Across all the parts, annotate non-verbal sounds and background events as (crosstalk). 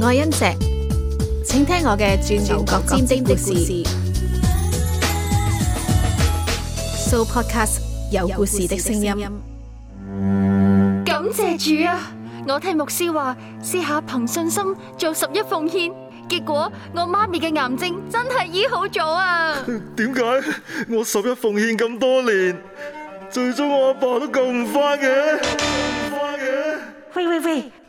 我係恩石，請聽我嘅轉角尖釘的故事。So podcast 有故事的聲音。感謝主啊！我聽牧師話，試下憑信心做十一奉獻，結果我媽咪嘅癌症真係醫好咗啊！點解我十一奉獻咁多年，最終我阿爸都救唔翻嘅？救唔翻嘅？喂喂喂！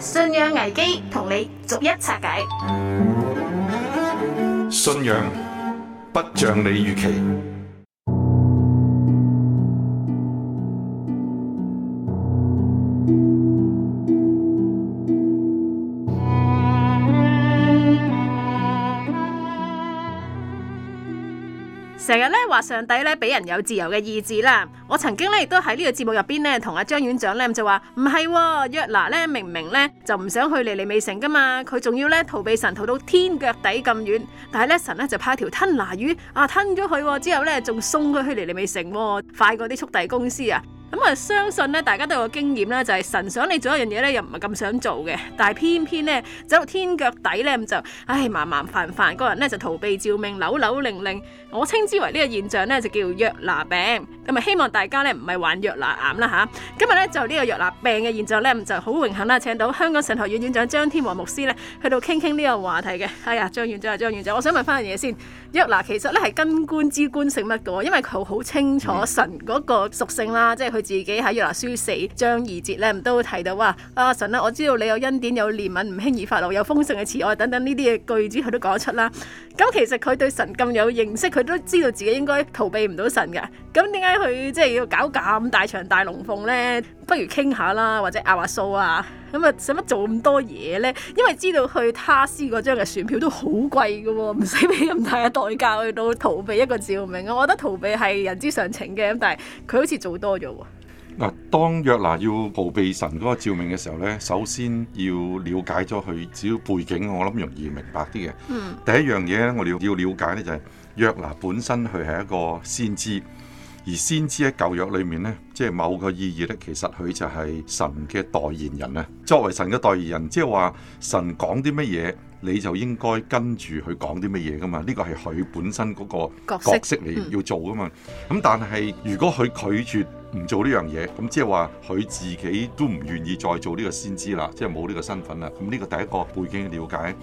信仰危機，同你逐一拆解。信仰不像你預期。成日咧話上帝咧俾人有自由嘅意志啦，我曾經咧亦都喺呢個節目入邊咧同阿張院長咧就話唔係，約拿咧明明咧就唔想去尼尼微城噶嘛，佢仲要咧逃避神逃到天腳底咁遠，但係咧神咧就派條吞拿魚啊吞咗佢，之後咧仲送佢去尼尼微城，快過啲速遞公司啊！咁啊，相信咧，大家都有個經驗咧，就係神想你做一樣嘢咧，又唔係咁想做嘅，但係偏偏咧走到天腳底咧，咁就唉，麻麻煩煩，個人咧就逃避召命，扭扭擰擰，我稱之為呢個現象咧，就叫約拿病，咁啊，希望大家咧唔係患約拿癌啦嚇。今日咧就呢個約拿病嘅現象咧，咁就好榮幸啦，請到香港神學院院長張天和牧師咧去到傾傾呢個話題嘅。哎呀，張院長，張院長，我想問翻樣嘢先，約拿其實咧係根官之官，姓乜嘅喎？因為佢好清楚神嗰個屬性啦，即係佢。自己喺約拿書四章二節咧，都提到哇啊神啦、啊，我知道你有恩典有憐憫，唔輕易發怒，有豐盛嘅慈愛等等呢啲嘢句子，佢都講出啦。咁其實佢對神咁有認識，佢都知道自己應該逃避唔到神嘅。咁點解佢即係要搞咁大場大龍鳳咧？不如傾下啦，或者阿華數啊，咁啊使乜做咁多嘢咧？因為知道去他斯嗰張嘅船票都好貴嘅喎，唔使俾咁大嘅代價去到逃避一個召命。我覺得逃避係人之常情嘅，咁但係佢好似做多咗喎。嗱，當約拿要逃避神嗰個照明嘅時候呢，首先要了解咗佢，只要背景，我諗容易明白啲嘅。第一樣嘢我哋要了解呢，就係約拿本身佢係一個先知，而先知喺舊約裏面呢，即係某個意義呢，其實佢就係神嘅代言人啊。作為神嘅代言人，即係話神講啲乜嘢，你就應該跟住佢講啲乜嘢噶嘛。呢個係佢本身嗰個角色，你要做噶嘛。咁但係如果佢拒絕，唔做呢樣嘢，咁即係話佢自己都唔願意再做呢個先知啦，即係冇呢個身份啦。咁呢個第一個背景嘅瞭解，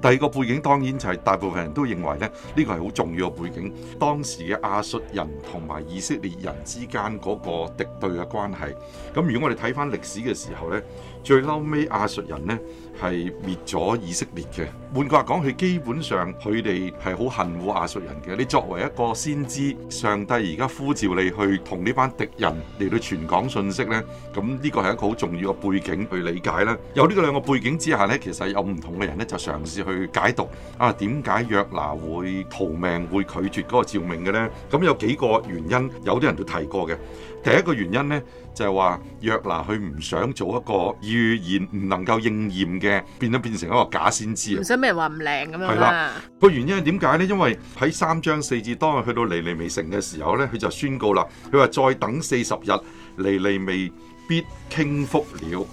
第二個背景當然就係大部分人都認為咧，呢個係好重要嘅背景。當時嘅亞述人同埋以色列人之間嗰個敵對嘅關係，咁如果我哋睇翻歷史嘅時候呢。最嬲尾亞述人呢，係滅咗以色列嘅。換句話講，佢基本上佢哋係好恨惡亞述人嘅。你作為一個先知，上帝而家呼召你去同呢班敵人嚟到傳講信息呢。咁呢個係一個好重要嘅背景去理解咧。有呢個兩個背景之下呢，其實有唔同嘅人呢，就嘗試去解讀啊，點解約拿會逃命會拒絕嗰個召命嘅呢？咁有幾個原因，有啲人都提過嘅。第一個原因呢。就係話，若嗱佢唔想做一個預言唔能夠應驗嘅，變咗變成一個假先知，唔想俾人話唔靈咁樣。係啦，個原因係點解咧？因為喺三章四節當佢去到尼尼微成嘅時候咧，佢就宣告啦，佢話再等四十日，尼尼微必傾覆了。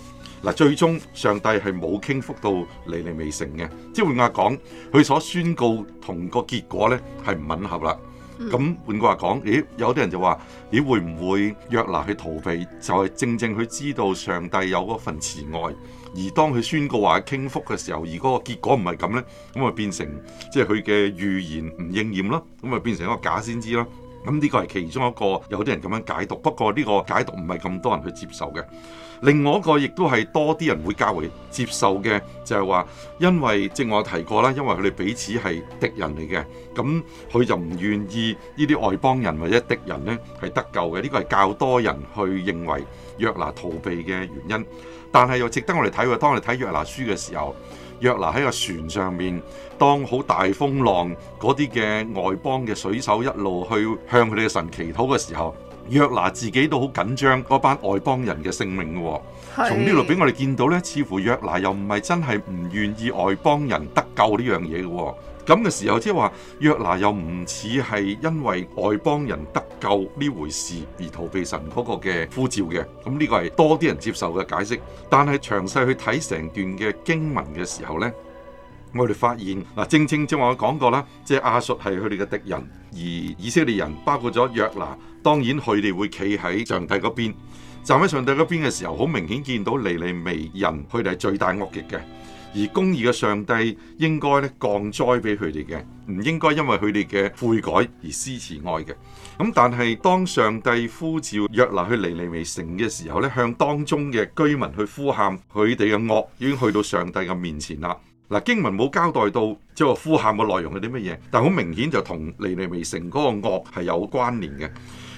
嗱，最終上帝係冇傾覆到尼尼微成嘅，即係換句話講，佢所宣告同個結果咧係唔吻合啦。咁換句話講，咦有啲人就話，咦會唔會約拿去逃避，就係、是、正正佢知道上帝有嗰份慈愛，而當佢宣告話傾覆嘅時候，而嗰個結果唔係咁呢，咁咪變成即係佢嘅預言唔應驗囉，咁咪變成一個假先知囉。咁呢個係其中一個有啲人咁樣解讀，不過呢個解讀唔係咁多人去接受嘅。另外一個亦都係多啲人會較為接受嘅，就係話因為正如我提過啦，因為佢哋彼此係敵人嚟嘅，咁佢就唔願意呢啲外邦人或者敵人呢係得救嘅。呢個係較多人去認為約拿逃避嘅原因。但係又值得我哋睇嘅，當我哋睇約拿書嘅時候。約拿喺個船上面，當好大風浪，嗰啲嘅外邦嘅水手一路去向佢哋嘅神祈禱嘅時候，約拿自己都好緊張，嗰班外邦人嘅性命。從呢度俾我哋見到呢，似乎約拿又唔係真係唔願意外邦人得救呢樣嘢嘅。咁嘅時候，即係話約拿又唔似係因為外邦人得救呢回事而逃避神嗰個嘅呼召嘅。咁、這、呢個係多啲人接受嘅解釋。但係詳細去睇成段嘅經文嘅時候呢，我哋發現嗱，正正正話我講過啦，即係亞述係佢哋嘅敵人，而以色列人包括咗約拿，當然佢哋會企喺上帝嗰邊，站喺上帝嗰邊嘅時候，好明顯見到尼尼微人佢哋係最大惡極嘅。而公義嘅上帝應該咧降災俾佢哋嘅，唔應該因為佢哋嘅悔改而施慈愛嘅。咁但係當上帝呼召約拿去尼尼微城嘅時候咧，向當中嘅居民去呼喊他們的惡，佢哋嘅惡已經去到上帝嘅面前啦。嗱，經文冇交代到即係話呼喊嘅內容係啲乜嘢，但係好明顯就同尼尼微城嗰個惡係有關聯嘅。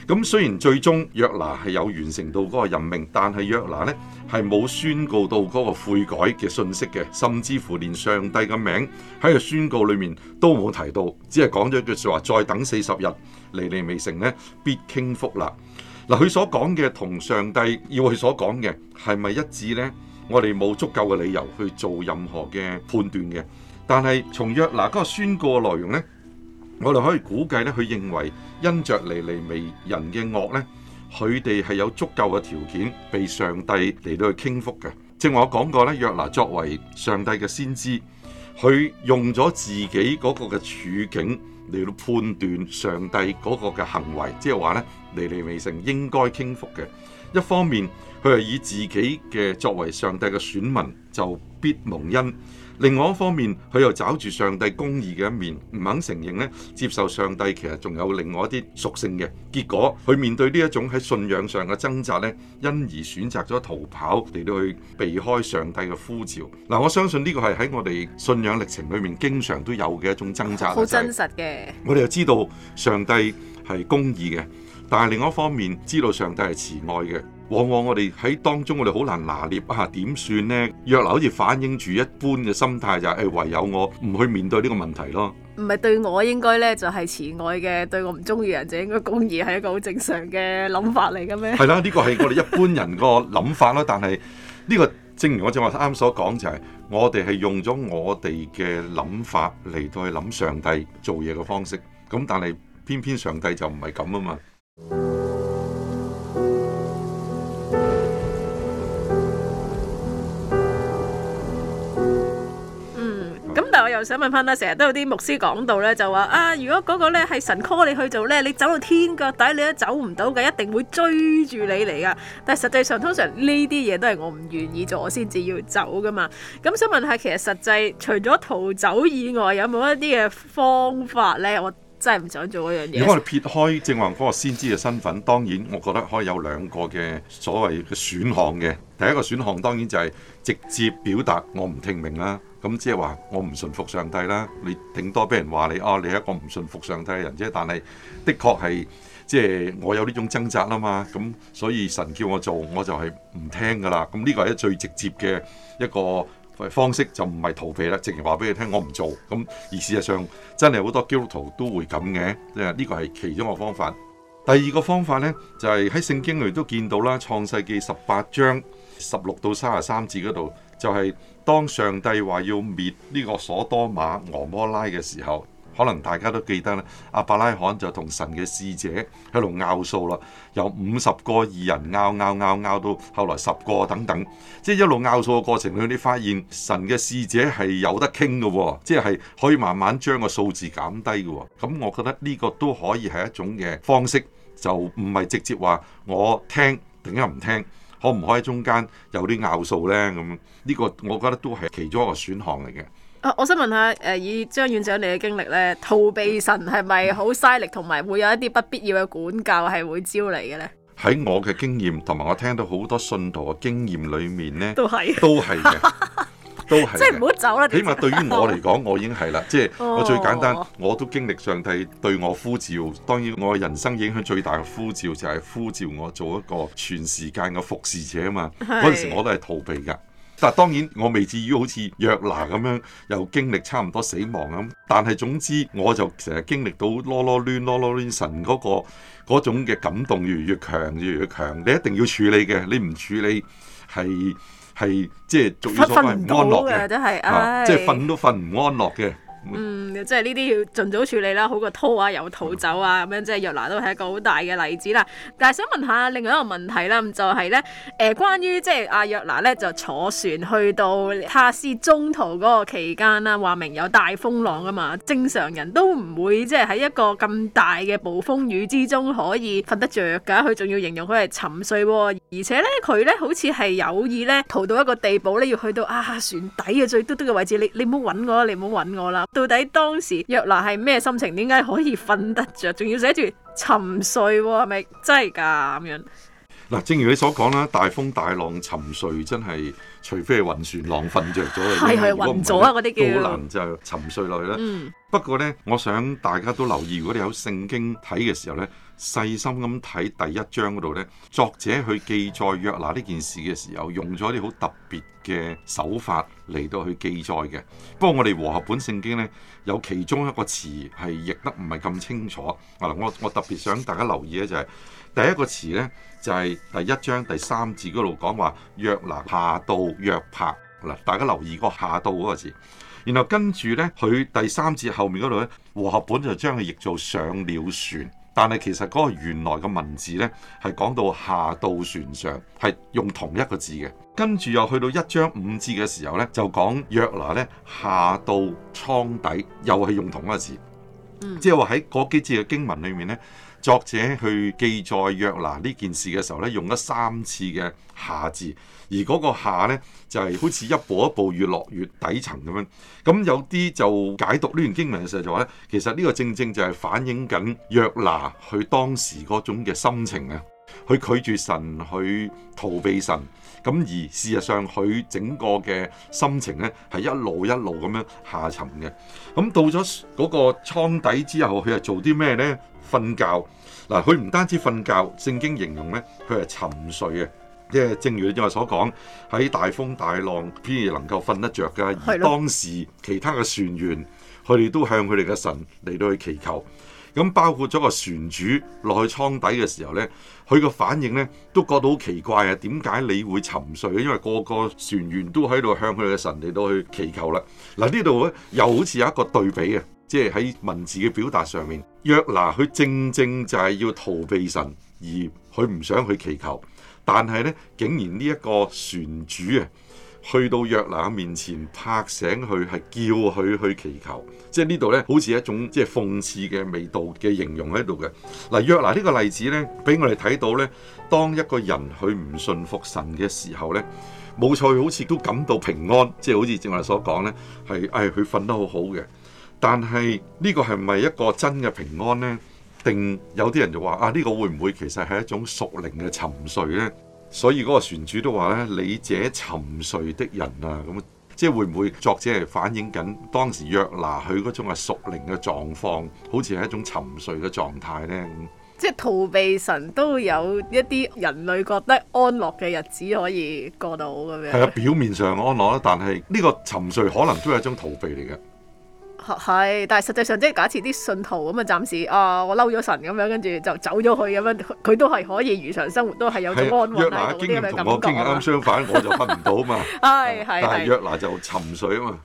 咁雖然最終約拿係有完成到嗰個任命，但係約拿呢係冇宣告到嗰個悔改嘅信息嘅，甚至乎連上帝嘅名喺個宣告裏面都冇提到，只係講咗一句說話，再等四十日，尼尼微城呢，必傾覆啦。嗱、啊，佢所講嘅同上帝要佢所講嘅係咪一致呢？我哋冇足夠嘅理由去做任何嘅判斷嘅。但係從約拿嗰個宣告嘅內容呢，我哋可以估計呢，佢認為。因着尼尼微人嘅惡呢，佢哋係有足夠嘅條件被上帝嚟到去傾覆嘅。正話我講過呢，約拿作為上帝嘅先知，佢用咗自己嗰個嘅處境嚟到判斷上帝嗰個嘅行為，即係話呢，尼尼微城應該傾覆嘅。一方面，佢係以自己嘅作為上帝嘅選民。就必蒙恩。另外一方面，佢又抓住上帝公義嘅一面，唔肯承認咧，接受上帝其實仲有另外一啲屬性嘅。結果佢面對呢一種喺信仰上嘅掙扎呢，因而選擇咗逃跑，嚟到去避開上帝嘅呼召。嗱，我相信呢個係喺我哋信仰歷程裏面經常都有嘅一種掙扎，好真實嘅。我哋又知道上帝係公義嘅，但係另外一方面知道上帝係慈愛嘅。往往我哋喺當中，我哋好難拿捏啊！點算呢？若係好似反映住一般嘅心態，就係唯有我唔去面對呢個問題咯。唔係對我應該呢，就係慈愛嘅，對我唔中意人就應該公義，係一個好正常嘅諗法嚟嘅咩？係啦，呢個係我哋一般人個諗法咯。 (laughs) 但係呢個正如我正話啱啱所講，就係我哋係用咗我哋嘅諗法嚟到去諗上帝做嘢嘅方式。咁但係偏偏上帝就唔係咁啊嘛。想問翻啦，成日都有啲牧師講到咧，就話啊，如果嗰個咧係神 call 你去做咧，你走到天腳底你都走唔到嘅，一定會追住你嚟噶。但係實際上通常呢啲嘢都係我唔願意做，我先至要走噶嘛。咁想問下，其實實際除咗逃走以外，有冇一啲嘅方法咧？我真係唔想做嗰樣嘢。如果我哋撇開正話個先知嘅身份，當然我覺得可以有兩個嘅所謂嘅選項嘅。第一個選項當然就係直接表達我唔聽命啦，咁即係話我唔信服上帝啦。你頂多俾人話你哦、啊，你係一個唔信服上帝嘅人啫。但係的確係即係我有呢種掙扎啦嘛，咁所以神叫我做，我就係唔聽噶啦。咁呢個係最直接嘅一個方式，就唔係逃避啦，直接話俾你聽我唔做。咁而事實上真係好多基督徒都會咁嘅，誒呢個係其中一個方法。第二個方法呢，就係喺聖經裏都見到啦，《創世記》十八章。十六到三十三節嗰度，就係、是、當上帝話要滅呢個所多瑪、俄摩拉嘅時候，可能大家都記得咧。阿伯拉罕就同神嘅使者喺度拗數啦，由五十個二人拗拗拗拗到後來十個等等，即、就、係、是、一路拗數嘅過程裏，你發現神嘅使者係有得傾嘅，即、就、係、是、可以慢慢將個數字減低嘅。咁我覺得呢個都可以係一種嘅方式，就唔係直接話我聽定一唔聽。可唔可以中間有啲拗數呢？咁呢個我覺得都係其中一個選項嚟嘅。啊，我想問下誒，以張院長你嘅經歷呢，逃避神係咪好嘥力，同埋會有一啲不必要嘅管教係會招嚟嘅呢？喺我嘅經驗同埋我聽到好多信徒嘅經驗裏面呢，都係都係嘅。 (laughs) 都係即係唔好走啦！起碼對於我嚟講， (laughs) 我已經係啦。即係我最簡單，oh. 我都經歷上帝對我呼召。當然，我人生影響最大嘅呼召就係呼召我做一個全時間嘅服侍者啊嘛。嗰陣時我都係逃避㗎。但係當然我未至於好似約拿咁樣又經歷差唔多死亡咁。但係總之我就成日經歷到囉囉攣、囉囉攣神嗰個嗰種嘅感動，越嚟越強，越嚟越強。你一定要處理嘅，你唔處理係。係即係俗語所謂瞓唔安樂嘅，就是哎，即係瞓都瞓唔安樂嘅。嗯，即係呢啲要盡早處理啦，好過拖啊，有逃走啊咁樣。即係約拿都係一個好大嘅例子啦。但係想問下另外一個問題啦，就係、是、咧，誒、呃，關於即係阿約拿咧，就坐船去到哈斯中途嗰個期間啦，話明有大風浪啊嘛。正常人都唔會即係喺一個咁大嘅暴風雨之中可以瞓得着噶佢仲要形容佢係沉睡，而且咧佢咧好似係有意咧逃到一個地步咧，要去到啊船底嘅最嘟嘟嘅位置。你你唔好搵我啦，你唔好搵我啦。到底當時約拿係咩心情？點解可以瞓得着？仲要寫住沉睡喎，係咪真係噶咁樣？嗱，正如你所講啦，大風大浪沉睡真係，除非係暈船浪瞓着咗，係係暈咗啊嗰啲嘅，都難就沉睡落去啦。嗯不過呢，我想大家都留意，如果你有聖經睇嘅時候呢，細心咁睇第一章嗰度呢，作者去記載約拿呢件事嘅時候，用咗啲好特別嘅手法嚟到去記載嘅。不過我哋和合本聖經呢，有其中一個詞係譯得唔係咁清楚。我我特別想大家留意呢、就係，就係第一個詞呢，就係、係、第一章第三字嗰度講話約拿、下到約帕。嗱，大家留意個下到嗰個字。然後跟住呢，佢第三節後面嗰度呢，和合本就將佢譯做上了船，但係其實嗰個原來嘅文字呢，係講到下到船上，係用同一個字嘅。跟住又去到一章五字嘅時候呢，就講約拿呢，下到倉底，又係用同一個字，嗯、即係話喺嗰幾節嘅經文裏面呢。作者去記載約拿呢件事嘅時候，呢用咗三次嘅下字，而嗰個下呢就係好似一步一步越落越底層咁樣。咁有啲就解讀呢段經文嘅時候就話呢，其實呢個正正就係反映緊約拿佢當時嗰種嘅心情啊，去拒絕神，去逃避神。咁而事實上，佢整個嘅心情咧係一路一路咁樣下沉嘅。咁到咗嗰個倉底之後，佢係做啲咩呢？瞓覺嗱，佢唔單止瞓覺，聖經形容呢，佢係沉睡嘅。即係正如你正話所講，喺大風大浪，偏而能夠瞓得着㗎。而當時其他嘅船員，佢哋都向佢哋嘅神嚟到去祈求。咁包括咗個船主落去倉底嘅時候呢。佢個反應呢都覺得好奇怪啊！點解你會沉睡？因為個個船員都喺度向佢嘅神嚟到去祈求啦。嗱，呢度呢又好似有一個對比啊，即係喺文字嘅表達上面。約拿佢正正就係要逃避神，而佢唔想去祈求，但係呢，竟然呢一個船主啊！去到約拿面前拍醒佢，係叫佢去祈求，即係呢度呢，好似一種即係諷刺嘅味道嘅形容喺度嘅。嗱，約拿呢個例子呢，俾我哋睇到呢，當一個人佢唔信服神嘅時候呢，冇錯，佢好似都感到平安，即係好似正話所講呢，係誒佢瞓得好好嘅。但係呢個係咪一個真嘅平安呢？定有啲人就話啊，呢個會唔會其實係一種屬靈嘅沉睡呢？所以嗰個船主都話咧，你這沉睡的人啊，咁即係會唔會作者係反映緊當時約拿佢嗰種係熟靈嘅狀況，好似係一種沉睡嘅狀態呢？即係逃避神都有一啲人類覺得安樂嘅日子可以過到咁樣。係啊，表面上安樂啦，但係呢個沉睡可能都係一種逃避嚟嘅。係，但係實際上即係假設啲信徒咁啊，暫時啊，我嬲咗神咁樣，跟住就走咗去咁樣，佢都係可以如常生活，都係有種安慰，啊。約拿經驗同我傾，啱相反， (laughs) 我就瞓唔到嘛。係 (laughs) 係，但係約拿就沉水啊嘛。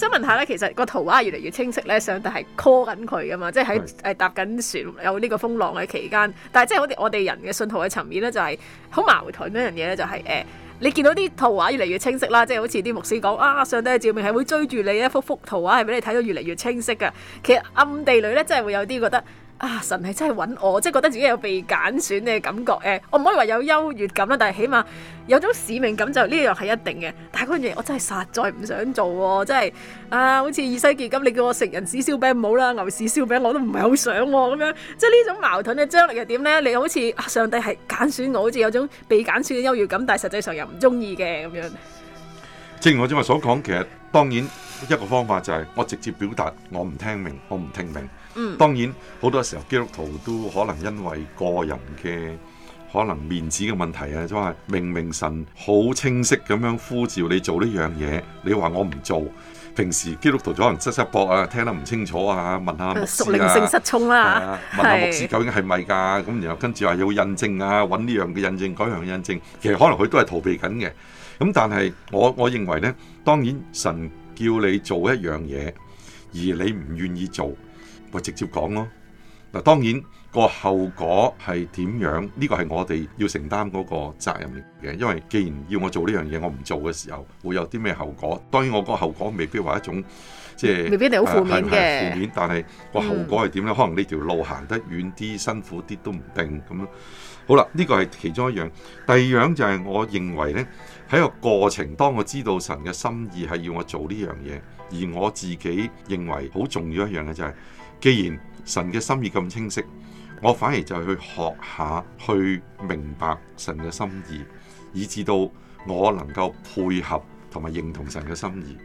想問下咧，其實個圖畫越嚟越清晰咧，上帝係 call 緊佢噶嘛？即係喺誒搭緊船有呢個風浪嘅期間，但係即係我哋我哋人嘅信號嘅層面咧，就係好矛盾一樣嘢咧，就係誒你見到啲圖畫越嚟越清晰啦，即係好似啲牧師講啊，上帝嘅照明係會追住你一幅幅圖畫，係俾你睇到越嚟越清晰嘅。其實暗地裏咧，真係會有啲覺得。啊！神係真係揾我，即係覺得自己有被揀選嘅感覺。誒，我唔可以話有優越感啦，但係起碼有種使命感，就呢樣係一定嘅。但係嗰樣嘢我真係實在唔想做喎，即係啊，好似以西結咁，你叫我食人屎燒餅唔好啦，牛屎燒餅我都唔係好想咁樣。即係呢種矛盾嘅張力又點咧？你好似、啊、上帝係揀選我，好似有種被揀選嘅優越感，但係實際上又唔中意嘅咁樣。正如我之前所講，其實當然一個方法就係我直接表達我唔聽明，我唔聽明。嗯，當然好多時候基督徒都可能因為個人嘅可能面子嘅問題啊，即係話明明神好清晰咁樣呼召你做呢樣嘢，你話我唔做。平時基督徒可能失失博啊，聽得唔清楚啊，問下牧師啊、屬靈性失聰啦、啊啊，問下牧師究竟係咪噶？咁然後跟住話要印證啊，搵呢樣嘅印證，嗰樣嘅印證。其實可能佢都係逃避緊嘅。咁但係我我認為呢，當然神叫你做一樣嘢，而你唔願意做。喂，直接講咯。嗱，當然，個後果係點樣？呢個係我哋要承擔嗰個責任嘅，因為既然要我做呢樣嘢，我唔做嘅時候會有啲咩後果？當然我個後果未必話一種即係，未必係好負面嘅。係咪？係負面，但係個後果係點呢？可能呢條路行得遠啲，辛苦啲都唔定咁咯。好啦，呢個係其中一樣。第二樣就係我認為呢，喺個過程當我知道神嘅心意係要我做呢樣嘢，而我自己認為好重要一樣嘅就係。既然神嘅心意咁清晰，我反而就去學下去明白神嘅心意，以至到我能夠配合同埋認同神嘅心意。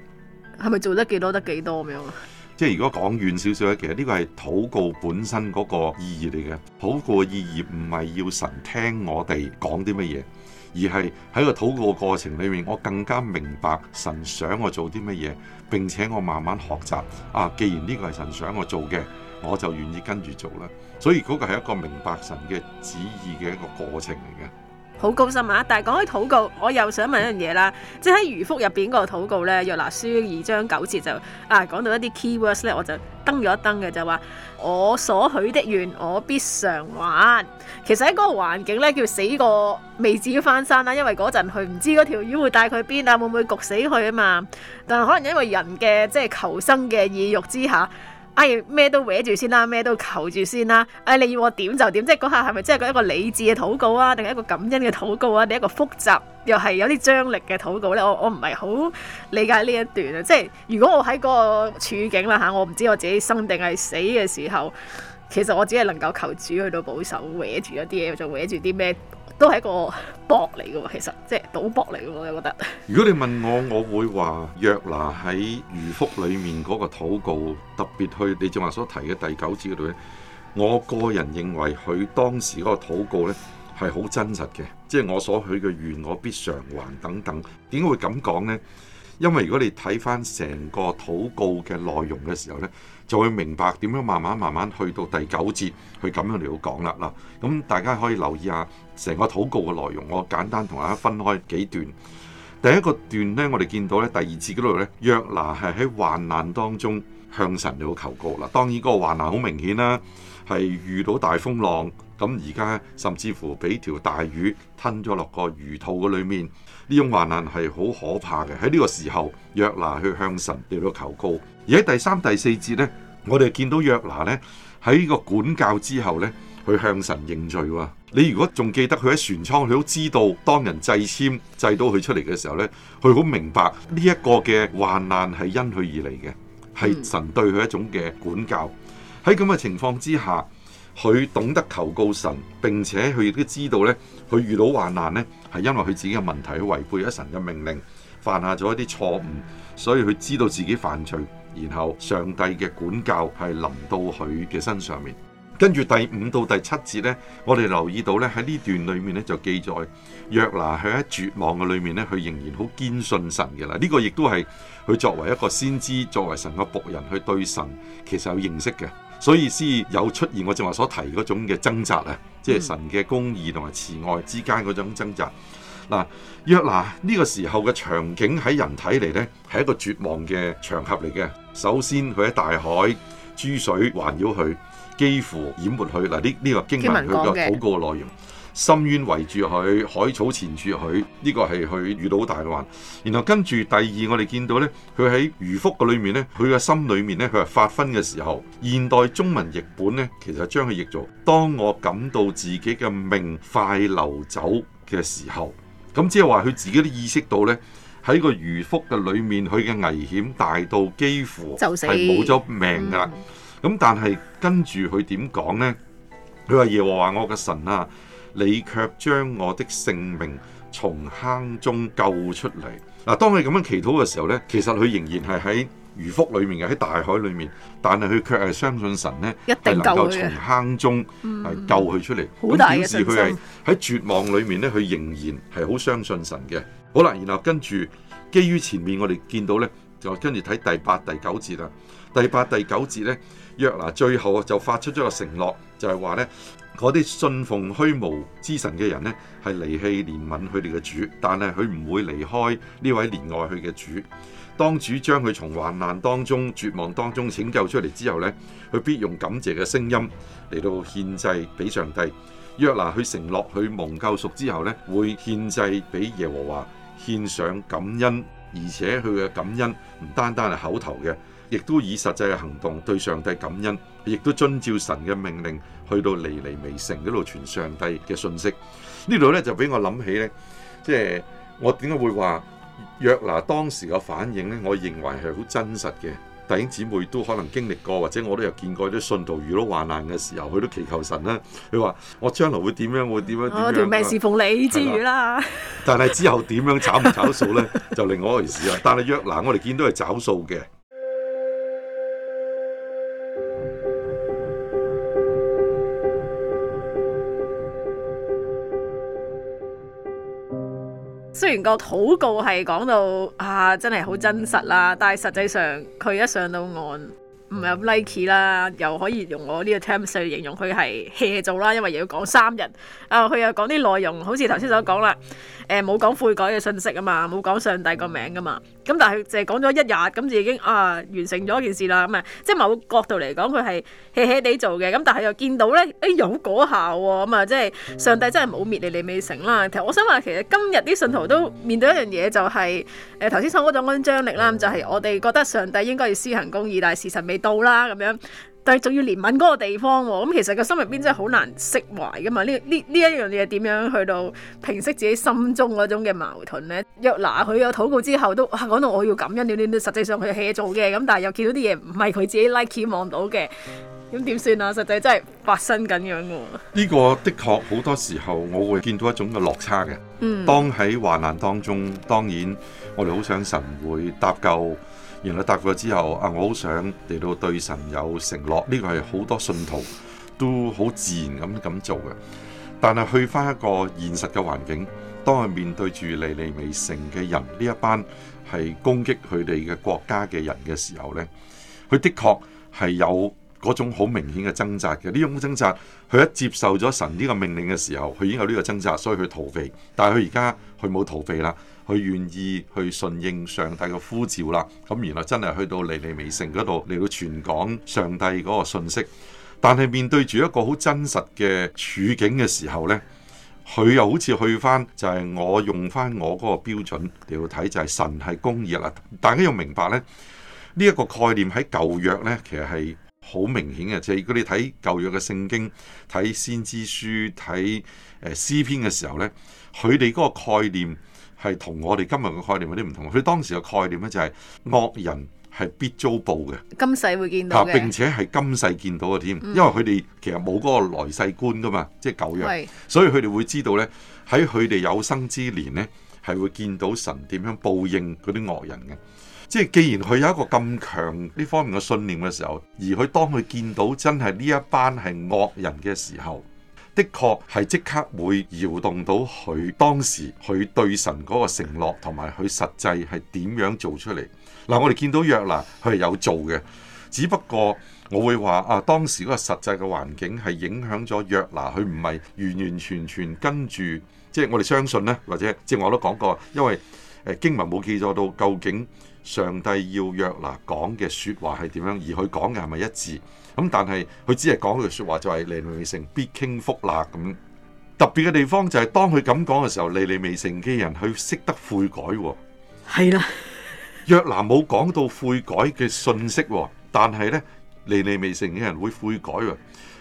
係咪做得幾多得幾多咁樣啊？即係如果講遠少少咧，其實呢個係禱告本身嗰個意義嚟嘅。禱告嘅意義唔係要神聽我哋講啲乜嘢。而係喺個禱告過程裏面，我更加明白神想我做啲乜嘢，並且我慢慢學習。啊，既然呢個係神想我做嘅，我就願意跟住做了。所以嗰個係一個明白神嘅旨意嘅一個過程嚟嘅。好高深啊！但係講起禱告，我又想問一樣嘢啦，即係喺魚腹入邊嗰個禱告呢，約拿書二章九節就啊講到一啲 key words 呢。我就登咗一登嘅就話我所許的願我必償還。其實喺嗰個環境呢，叫死過未至於翻生啦，因為嗰陣佢唔知嗰條魚會帶佢去邊啊，會唔會焗死佢啊嘛？但係可能因為人嘅即係求生嘅意欲之下。哎，咩都搲住先啦，咩都求住先啦。哎，你要我點就點，即係嗰刻係咪真係一個理智嘅禱告啊，定係一個感恩嘅禱告啊，定一個複雜又係有啲張力嘅禱告呢？我我唔係好理解呢一段啊。即係如果我喺個處境啦吓，我唔知道我自己生定係死嘅時候，其實我只係能夠求主去到保守搲住一啲嘢，仲搲住啲咩？都係一個博嚟嘅，其實即係賭博嚟嘅。我又覺得，如果你問我，我會話約拿喺魚腹裏面嗰個禱告，特別去你正話所提嘅第九節度咧，我個人認為佢當時嗰個禱告咧係好真實嘅，即係我所許嘅願，我必償還等等。點解會咁講咧？因為如果你睇翻成個禱告嘅內容嘅時候咧。就會明白點樣慢慢慢慢去到第九節，佢咁樣嚟到講啦。嗱，咁大家可以留意下成個禱告嘅內容，我簡單同大家分開幾段。第一個段呢，我哋見到呢，第二節嗰度呢，約拿係喺患難當中向神嚟到求告啦。當然個患難好明顯啦，係遇到大風浪，咁而家甚至乎俾條大魚吞咗落個魚肚嘅裏面，呢種患難係好可怕嘅。喺呢個時候，約拿去向神嚟到求告。而喺第三、第四節呢，我哋見到約拿呢喺呢個管教之後呢，佢向神認罪。你如果仲記得佢喺船艙，佢都知道當人掣籤掣到佢出嚟嘅時候呢，佢好明白呢一個嘅患難係因佢而嚟嘅，係神對佢一種嘅管教。喺咁嘅情況之下，佢懂得求告神，並且佢亦都知道呢，佢遇到患難呢，係因為佢自己嘅問題，佢違背咗神嘅命令，犯下咗一啲錯誤，所以佢知道自己犯罪。然後上帝嘅管教係臨到佢嘅身上面，跟住第五到第七節呢，我哋留意到呢，喺呢段裏面呢，就記載約拿喺絕望嘅裏面呢，佢仍然好堅信神嘅啦。呢個亦都係佢作為一個先知，作為神嘅僕人，去對神其實有認識嘅。所以先有出現我正話所提嗰種嘅掙扎啊，即係神嘅公義同埋慈愛之間嗰種掙扎。嗱，約拿呢個時候嘅場景喺人睇嚟呢，係一個絕望嘅場合嚟嘅。首先，佢喺大海、諸水環繞佢，幾乎淹沒佢。嗱，呢呢個經文佢嘅禱告嘅內容，深淵圍住佢，海草纏住佢，呢、這個係佢遇到好大嘅患。然後跟住第二，我哋見到呢，佢喺魚腹嘅裏面，面呢，佢嘅心裏面呢，佢係發昏嘅時候。現代中文譯本呢，其實將佢譯做：當我感到自己嘅命快流走嘅時候。咁即係話佢自己都意識到呢，喺個魚腹嘅裏面，佢嘅危險大到幾乎係冇咗命噶啦。咁但係跟住佢點講呢？佢話耶和華我嘅神啊，你卻將我的性命從坑中救出嚟。嗱，當佢咁樣祈禱嘅時候呢，其實佢仍然係喺，魚腹裏面嘅喺大海裏面，但係佢卻係相信神呢，一定能夠從坑中係救佢出嚟，嗯。好顯示佢係喺絕望裏面呢，佢仍然係好相信神嘅。好啦，然後跟住基於前面我哋見到呢，就跟住睇第八、第九節啦。第八、第九節呢，約拿最後就發出咗個承諾，就係話呢，嗰啲信奉虛無之神嘅人呢，係離棄憐憫佢哋嘅主，但係佢唔會離開呢位憐愛佢嘅主。當主將佢從患難當中、絕望當中拯救出嚟之後呢，佢必用感謝嘅聲音嚟到獻祭俾上帝。約拿佢承諾佢蒙救贖之後呢，會獻祭俾耶和華，獻上感恩。而且佢嘅感恩唔單單係口頭嘅，亦都以實際嘅行動對上帝感恩，亦都遵照神嘅命令去到尼尼微城嗰度傳上帝嘅信息。呢度呢，就俾我諗起呢，即係我點解會話？約拿當時個反應咧，我認為係好真實嘅。弟兄姊妹都可能經歷過，或者我都有見過啲信徒遇到患難嘅時候，佢都祈求神咧。佢話：我將來會點樣？會點樣？我條、哦啊、命是奉你之餘啦。但係之後點樣找唔找數咧， (laughs) 就另外一回事啦。但係約拿，我哋見到係找數嘅。雖然個禱告係講到啊，真係好真實啦，但係實際上佢一上到岸，唔係咁 like 啦，又可以用我呢個 term 嚟形容佢係 hea 做啦，因為又要講三日啊，佢、呃、又講啲內容，好似頭先所講啦，誒、呃，冇講悔改嘅信息啊嘛，冇講上帝個名噶嘛。咁但係就係講咗一日，咁就已經啊完成咗一件事啦。咁啊，即係某角度嚟講，佢係 hea hea 地做嘅。咁但係又見到咧，哎有果效喎。咁啊，即係上帝真係冇滅你，你未成啦。其實我想話，其實今日啲信徒都面對一樣嘢，就係誒頭先所講嗰種嗰種張力啦。咁就係我哋覺得上帝應該要施行公義，但係時辰未到啦咁樣。但係仲要憐憫嗰個地方喎，咁其實個心入邊真係好難釋懷噶嘛？呢呢呢一樣嘢，點樣去到平息自己心中嗰種嘅矛盾呢？若嗱，佢有禱告之後都，哇、啊！講到我要感恩，你你你，實際上佢係去做嘅。咁但係又見到啲嘢唔係佢自己 like 希望到嘅，咁點算啊？實際真係發生緊樣噶。呢、這個的確好多時候我會見到一種嘅落差嘅。嗯。當喺患難當中，當然我哋好想神會搭救。然後答過之後，啊，我好想嚟到對神有承諾，呢、呢個係好多信徒都好自然咁咁做嘅。但係去翻一個現實嘅環境，當佢面對住尼尼微城嘅人呢一班係攻擊佢哋嘅國家嘅人嘅時候呢，佢的確係有嗰種好明顯嘅掙扎嘅。呢種掙扎，佢一接受咗神呢個命令嘅時候，佢已經有呢個掙扎，所以佢逃避。但係佢而家佢冇逃避啦。佢願意去順應上帝嘅呼召啦，咁然後真係去到尼尼微城嗰度嚟到傳講上帝嗰個信息，但係面對住一個好真實嘅處境嘅時候呢，佢又好似去翻就係、是、我用翻我嗰個標準嚟睇，就係神係公義啦。大家要明白呢，呢、這、一個概念喺舊約呢，其實係好明顯嘅。就係、是、如果你睇舊約嘅聖經、睇先知書、睇誒詩篇嘅時候呢，佢哋嗰個概念。係同我哋今日嘅概念有啲唔同，佢當時嘅概念咧就係、是、惡人係必遭報嘅，今世會見到，並且係今世見到嘅添、嗯，因為佢哋其實冇嗰個來世觀噶嘛，即、就、係、是、九陽，所以佢哋會知道咧喺佢哋有生之年咧係會見到神點樣報應嗰啲惡人嘅，即係既然佢有一個咁強呢方面嘅信念嘅時候，而佢當佢見到真係呢一班係惡人嘅時候。的確係即刻會搖動到佢當時佢對神嗰個承諾，同埋佢實際係點樣做出嚟。嗱，我哋見到約拿，佢係有做嘅，只不過我會話啊，當時嗰個實際嘅環境係影響咗約拿，佢唔係完完全全跟住，即係我哋相信呢，或者即係我都講過，因為誒經文冇記載到究竟上帝要約拿講嘅說話係點樣，而佢講嘅係咪一致？咁但係佢只係講句說話，就係尼尼微城必傾覆啦咁，特別嘅地方就係當佢咁講嘅時候，尼尼微城嘅人佢識得悔改。係啦，約拿冇講到悔改嘅信息，但係呢，尼尼微城嘅人會悔改，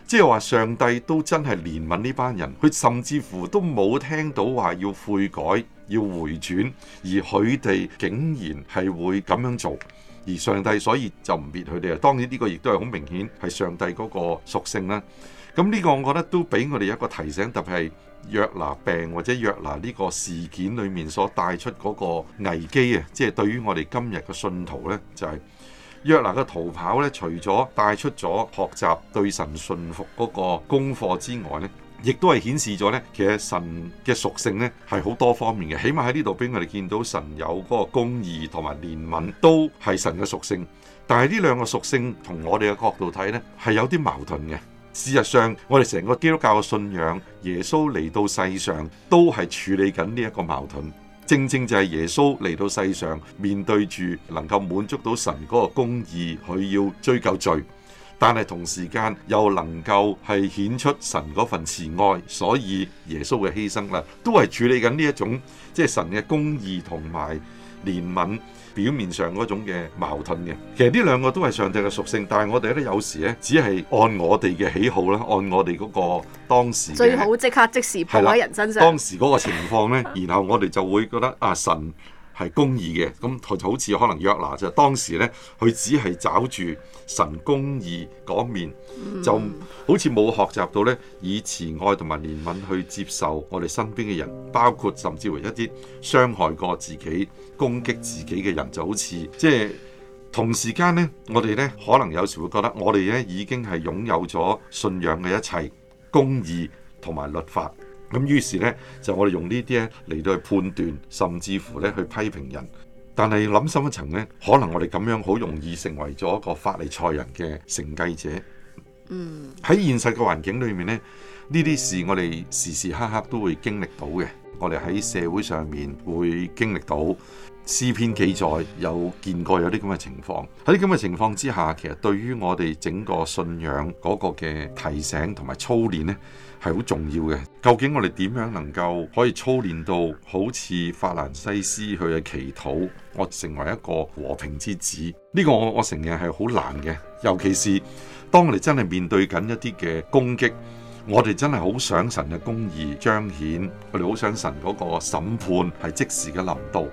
即係話上帝都真係憐憫呢班人，佢甚至乎都冇聽到話要悔改要回轉，而佢哋竟然係會咁樣做。而上帝所以就唔滅佢哋啊！當然呢個亦都係好明顯係上帝嗰個屬性啦。咁、這、呢個我覺得都俾我哋一個提醒，特別係約拿病或者約拿呢個事件裏面所帶出嗰個危機啊！即、就、係、是、對於我哋今日嘅信徒呢，就係、是、約拿嘅逃跑呢，除咗帶出咗學習對神信服嗰個功課之外咧。亦都係顯示咗咧，其實神嘅屬性咧係好多方面嘅，起碼喺呢度俾我哋見到神有嗰個公義同埋憐憫都係神嘅屬性。但係呢兩個屬性，同我哋嘅角度睇咧係有啲矛盾嘅。事實上，我哋成個基督教嘅信仰，耶穌嚟到世上都係處理緊呢一個矛盾。正正就係耶穌嚟到世上，面對住能夠滿足到神嗰個公義，佢要追究罪。但係同時間又能夠係顯出神嗰份慈愛，所以耶穌嘅犧牲啦，都係處理緊呢一種即係神嘅公義同埋憐憫表面上嗰種嘅矛盾嘅。其實呢兩個都係上帝嘅屬性，但係我哋咧有時咧只係按我哋嘅喜好啦，按我哋嗰個當時最好即刻即時擺喺人身上的，當時嗰個情況咧，然後我哋就會覺得啊神。係公義嘅，咁佢就好似可能約拿就當時呢，佢只係找住神公義嗰面，就好似冇學習到呢以慈愛同埋憐憫去接受我哋身邊嘅人，包括甚至乎一啲傷害過自己、攻擊自己嘅人，就好似即係同時間呢，我哋呢可能有時會覺得我哋呢已經係擁有咗信仰嘅一切公義同埋律法。咁於是呢，就我哋用呢啲呢嚟到去判斷，甚至乎呢去批評人。但係諗深一層呢，可能我哋咁樣好容易成為咗一個法利賽人嘅承繼者。喺現實嘅環境裏面呢，呢啲事我哋時時刻刻都會經歷到嘅。我哋喺社會上面會經歷到，詩篇記載有見過有啲咁嘅情況。喺啲咁嘅情況之下，其實對於我哋整個信仰嗰個嘅提醒同埋操練呢。係好重要嘅，究竟我哋點樣能夠可以操練到好似法蘭西斯佢嘅祈禱，我成為一個和平之子？呢個我我承認係好難嘅，尤其是當我哋真係面對緊一啲嘅攻擊，我哋真係好想神嘅公義彰顯，我哋好想神嗰個審判係即時嘅臨到，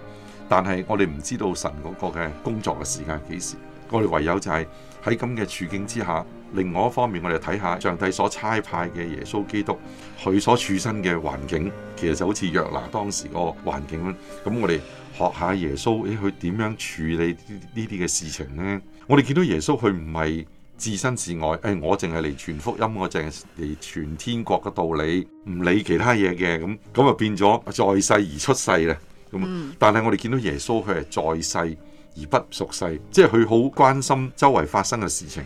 但係我哋唔知道神嗰個嘅工作嘅時間係幾時，我哋唯有就係喺咁嘅處境之下。另外一方面，我哋睇下上帝所差派嘅耶穌基督，佢所處身嘅環境，其實就好似約拿當時個環境咁。咁我哋學下耶穌，佢、哎、點樣處理呢啲嘅事情呢？我哋見到耶穌佢唔係置身事外，誒、哎，我淨係嚟傳福音，我淨係嚟傳天國嘅道理，唔理其他嘢嘅咁。咁啊變咗在世而出世咧。咁但係我哋見到耶穌佢係在世而不屬世，即係佢好關心周圍發生嘅事情。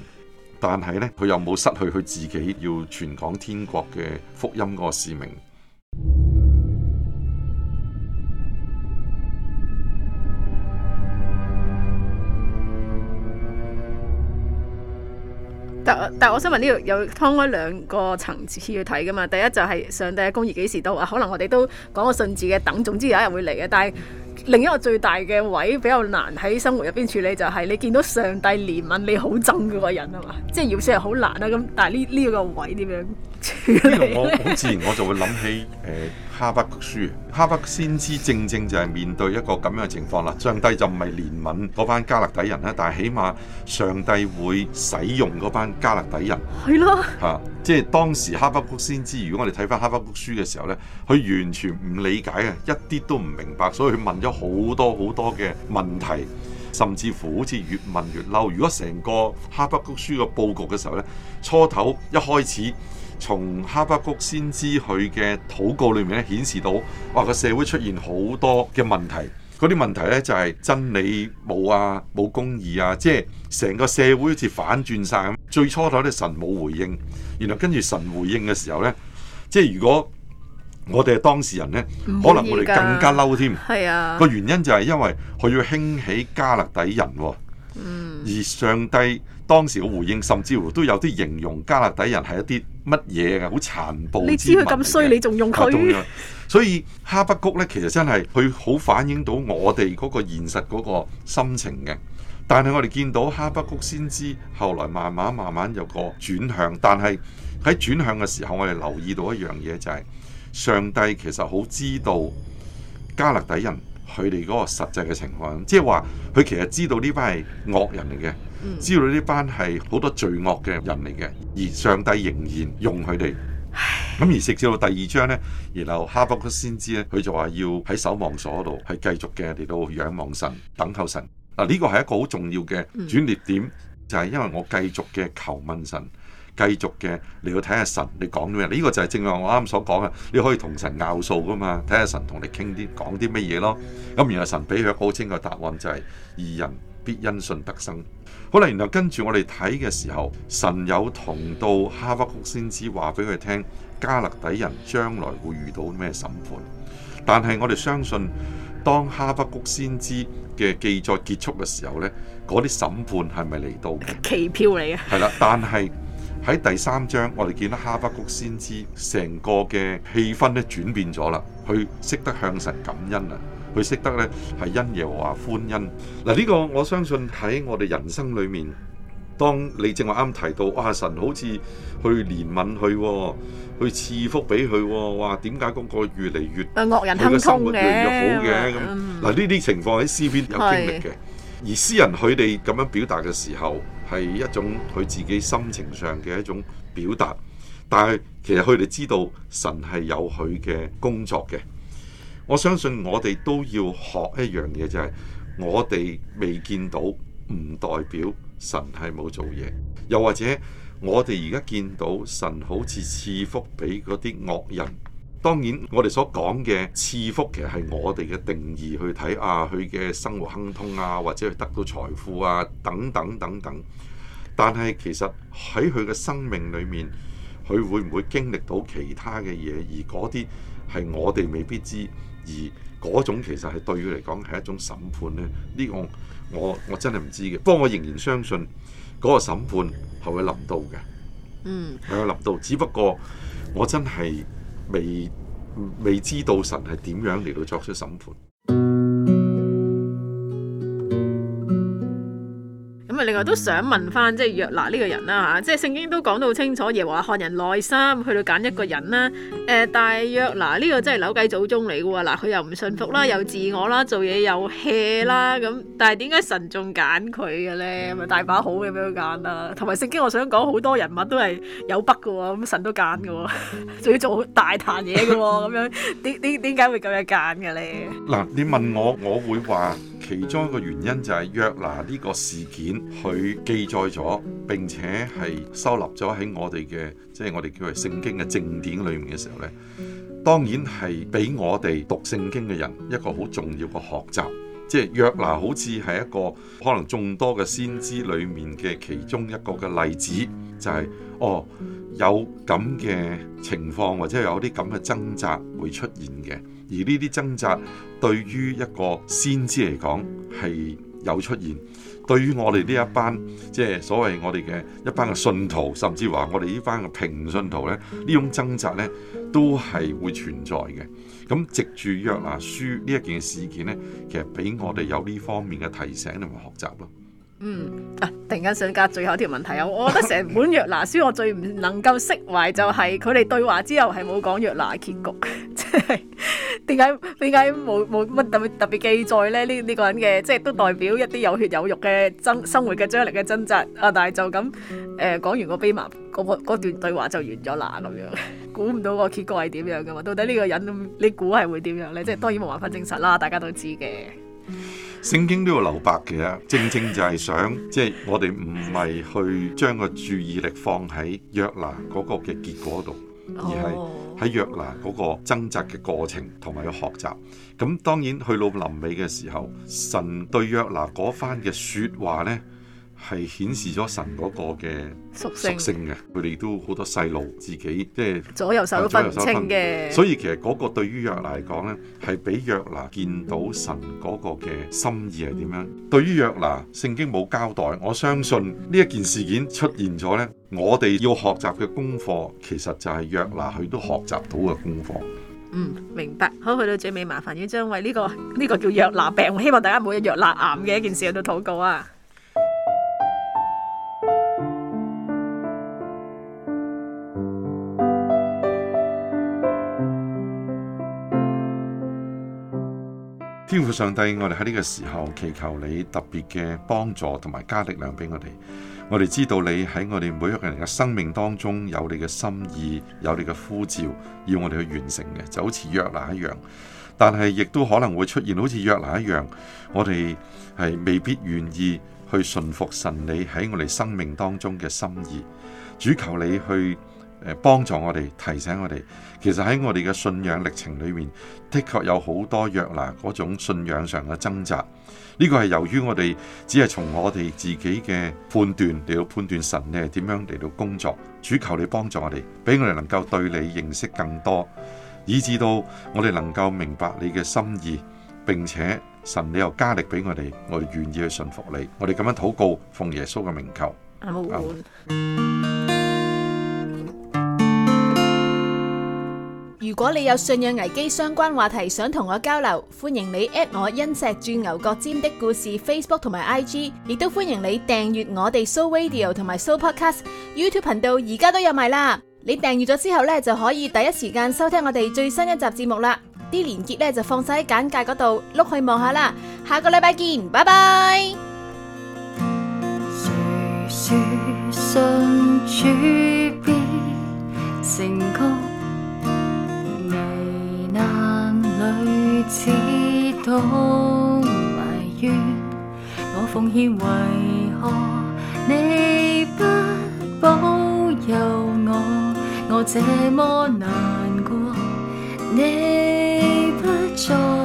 但係咧，佢又冇失去佢自己要全港天國嘅福音個使命但。但但係，我想問呢度有湯開兩個層次要睇㗎嘛？第一就係上帝嘅公義幾時到啊？可能我哋都講個順治嘅等，總之有一日會嚟嘅，但係。另一個最大嘅位比較難喺生活入邊處理，就係、是、你見到上帝憐憫你好憎嗰個人啊嘛，即係要死係好難啊咁。但係呢，呢個位點樣？呢度我好自然，我就會諗起誒《哈巴谷書》。《哈巴先知》正正就係面對一個咁樣嘅情況啦。上帝就唔係憐憫嗰班加勒底人啦，但係起碼上帝會使用嗰班加勒底人。係咯，嚇！即係當時《哈巴谷先知》，如果我哋睇返《哈巴谷書》嘅時候呢，佢完全唔理解嘅，一啲都唔明白，所以佢問咗好多好多嘅問題，甚至乎好似越問越嬲。如果成個《哈巴谷書》嘅佈局嘅時候呢，初頭一開始。從哈巴谷先知佢嘅禱告裏面咧，顯示到話，個社會出現好多嘅問題，嗰啲問題咧就係、是、真理冇啊，冇公義啊，即係成個社會好似反轉晒咁。最初頭咧，神冇回應，然後跟住神回應嘅時候咧，即係如果我哋係當事人咧，可能我哋更加嬲添。係啊，個原因就係因為佢要興起加勒底人。嗯，而上帝。當時嘅回應，甚至乎都有啲形容加勒底人係一啲乜嘢嘅，好殘暴。你知佢咁衰，你仲用佢？所以哈巴谷呢，其實真係佢好反映到我哋嗰個現實嗰個心情嘅。但係我哋見到哈巴谷先知，後來慢慢慢慢有個轉向。但係喺轉向嘅時候，我哋留意到一樣嘢，就係，就係上帝其實好知道加勒底人。佢哋嗰個實際嘅情況，即係話佢其實知道呢班係惡人嚟嘅，知道呢班係好多罪惡嘅人嚟嘅，而上帝仍然用佢哋。咁而直至到第二章呢，然後哈巴谷先知呢，佢就話要喺守望所嗰度係繼續嘅嚟到仰望神，等候神。嗱、這、呢個係一個好重要嘅轉捩點，就係、是、因為我繼續嘅求問神。繼續嘅你要睇下神你講咩？呢個就係正話我啱啱所講嘅。你可以同神拗數㗎嘛，睇下神同你傾啲講啲乜嘢咯。咁然後神俾佢好清嘅答案就係：義人必因信得生。好啦，然後跟住我哋睇嘅時候，神有同到哈巴谷先知話俾佢聽，加勒底人將來會遇到咩審判。但係我哋相信，當哈巴谷先知嘅記載結束嘅時候呢，嗰啲審判係咪嚟到？期票嚟嘅。係啦，但係。喺第三章，我哋見到哈巴谷先知成個嘅氣氛咧轉變咗啦，佢識得向神感恩啊，佢識得咧係因耶和華歡欣。嗱、這、呢個我相信喺我哋人生裏面，當你正話啱提到，啊，神好似去憐憫佢，去賜福俾佢，話點解嗰個越嚟越……誒惡人亨通嘅，生活越嚟越好嘅咁。嗱呢啲情況喺詩篇有經歷嘅，而詩人佢哋咁樣表達嘅時候，係一種佢自己心情上嘅一種表達，但係其實佢哋知道神係有佢嘅工作嘅。我相信我哋都要學一樣嘢，就係、是、我哋未見到唔代表神係冇做嘢，又或者我哋而家見到神好似賜福俾嗰啲惡人。當然，我哋所講嘅賜福其實係我哋嘅定義去睇啊，佢嘅生活亨通啊，或者佢得到財富啊，等等等等。但係其實喺佢嘅生命裏面，佢會唔會經歷到其他嘅嘢？而嗰啲係我哋未必知，而嗰種其實係對佢嚟講係一種審判呢。呢、呢個我我真係唔知嘅。不過我仍然相信嗰個審判係會臨到嘅。嗯，係會臨到，只不過我真係。未未知道神係點樣嚟到作出審判。我都想問翻，即係約拿呢個人啦吓，即係聖經都講到好清楚，耶和華看人內心，去到揀一個人啦。誒，大約拿呢個真係扭計祖宗嚟嘅喎，嗱佢又唔信服啦，又自我啦，做嘢又 hea 啦咁，但係點解神仲揀佢嘅咧？咪大把好嘅俾佢揀啦，同埋聖經我想講好多人物都係有筆嘅喎，咁神都揀嘅喎，仲要做大壇嘢嘅喎，咁樣點點點解會咁樣揀嘅咧？嗱，你問我我會話。其中一個原因就係約拿呢個事件，佢記載咗並且係收納咗喺我哋嘅即係我哋叫做聖經嘅正典裡面嘅時候呢，當然係俾我哋讀聖經嘅人一個好重要嘅學習，即係約拿好似係一個可能眾多嘅先知裡面嘅其中一個嘅例子，就係。哦，有咁嘅情況，或者有啲咁嘅掙扎會出現嘅。而呢啲掙扎對於一個先知嚟講係有出現，對於我哋呢一班即係所謂我哋嘅一班嘅信徒，甚至話我哋呢班嘅平信徒呢，呢種掙扎呢都係會存在嘅。咁藉住約拿書呢一件事件呢，其實俾我哋有呢方面嘅提醒同埋學習咯。嗯，啊，突然間想加最後一條問題啊，我覺得成本約拿書我最唔能夠釋懷就係佢哋對話之後係冇講約拿的結局，即係點解點解冇冇乜特別特別記載咧？呢、呢、呢個人嘅即係都代表一啲有血有肉嘅生活嘅張力嘅掙扎啊，但係就咁誒講完個蓖麻嗰段對話就完咗啦咁樣，估唔到個結局係點樣噶嘛？到底呢個人你估係會點樣咧？即係當然冇辦法證實啦，大家都知嘅。聖經都要留白嘅，正正就係想，即係我哋唔係去將個注意力放喺約拿嗰個嘅結果度，而係喺約拿嗰個掙扎嘅過程同埋要學習。咁當然去到臨尾嘅時候，神對約拿嗰番嘅説話咧。係顯示咗神嗰個嘅屬性嘅，佢哋都好多細路自己即係左右手都分唔清嘅。所以其實嗰個對於約拿嚟講咧，係俾約拿見到神嗰個嘅心意係點樣？對於約拿，聖經冇交代。我相信呢一件事件出現咗咧，我哋要學習嘅功課，其實就係約拿佢都學習到嘅功課。嗯，明白。好，去到最尾，麻煩要將為呢個呢個叫約拿病，希望大家冇約拿癌嘅一件事喺度禱告啊！上帝，我哋喺呢個時候祈求你特別嘅幫助同埋加力量俾我哋。我哋知道你喺我哋每一個人嘅生命當中有你嘅心意，有你嘅呼召，要我哋去完成嘅，就好似約拿一樣。但係亦都可能會出現好似約拿一樣，我哋係未必願意去順服神你喺我哋生命當中嘅心意。主求你去。誒，幫助我哋提醒我哋，其實喺我哋嘅信仰歷程裏面，的確有好多約拿嗰種信仰上嘅掙扎。呢、這個係由於我哋只係從我哋自己嘅判斷嚟到判斷神你係點樣嚟到工作。主求你幫助我哋，俾我哋能夠對你認識更多，以至到我哋能夠明白你嘅心意，並且神你又加力俾我哋，我哋願意去信服你。我哋咁樣禱告，奉耶穌嘅名求。Oh，阿們。如果你有信仰危機相關話題想同我交流，歡迎你 at 我《恩石鑽牛角尖的故事》Facebook 同埋 IG，亦都歡迎你訂閱我哋 Show Radio 同埋 Show Podcast YouTube 頻道，而家都有埋啦。你訂閱咗之後呢，就可以第一時間收聽我哋最新一集節目啦。啲連結呢，就放晒喺簡介嗰度，碌去望下啦。下個禮拜見，拜拜。只懂埋怨，我奉獻為何你不保佑我？我這麼難過，你不在。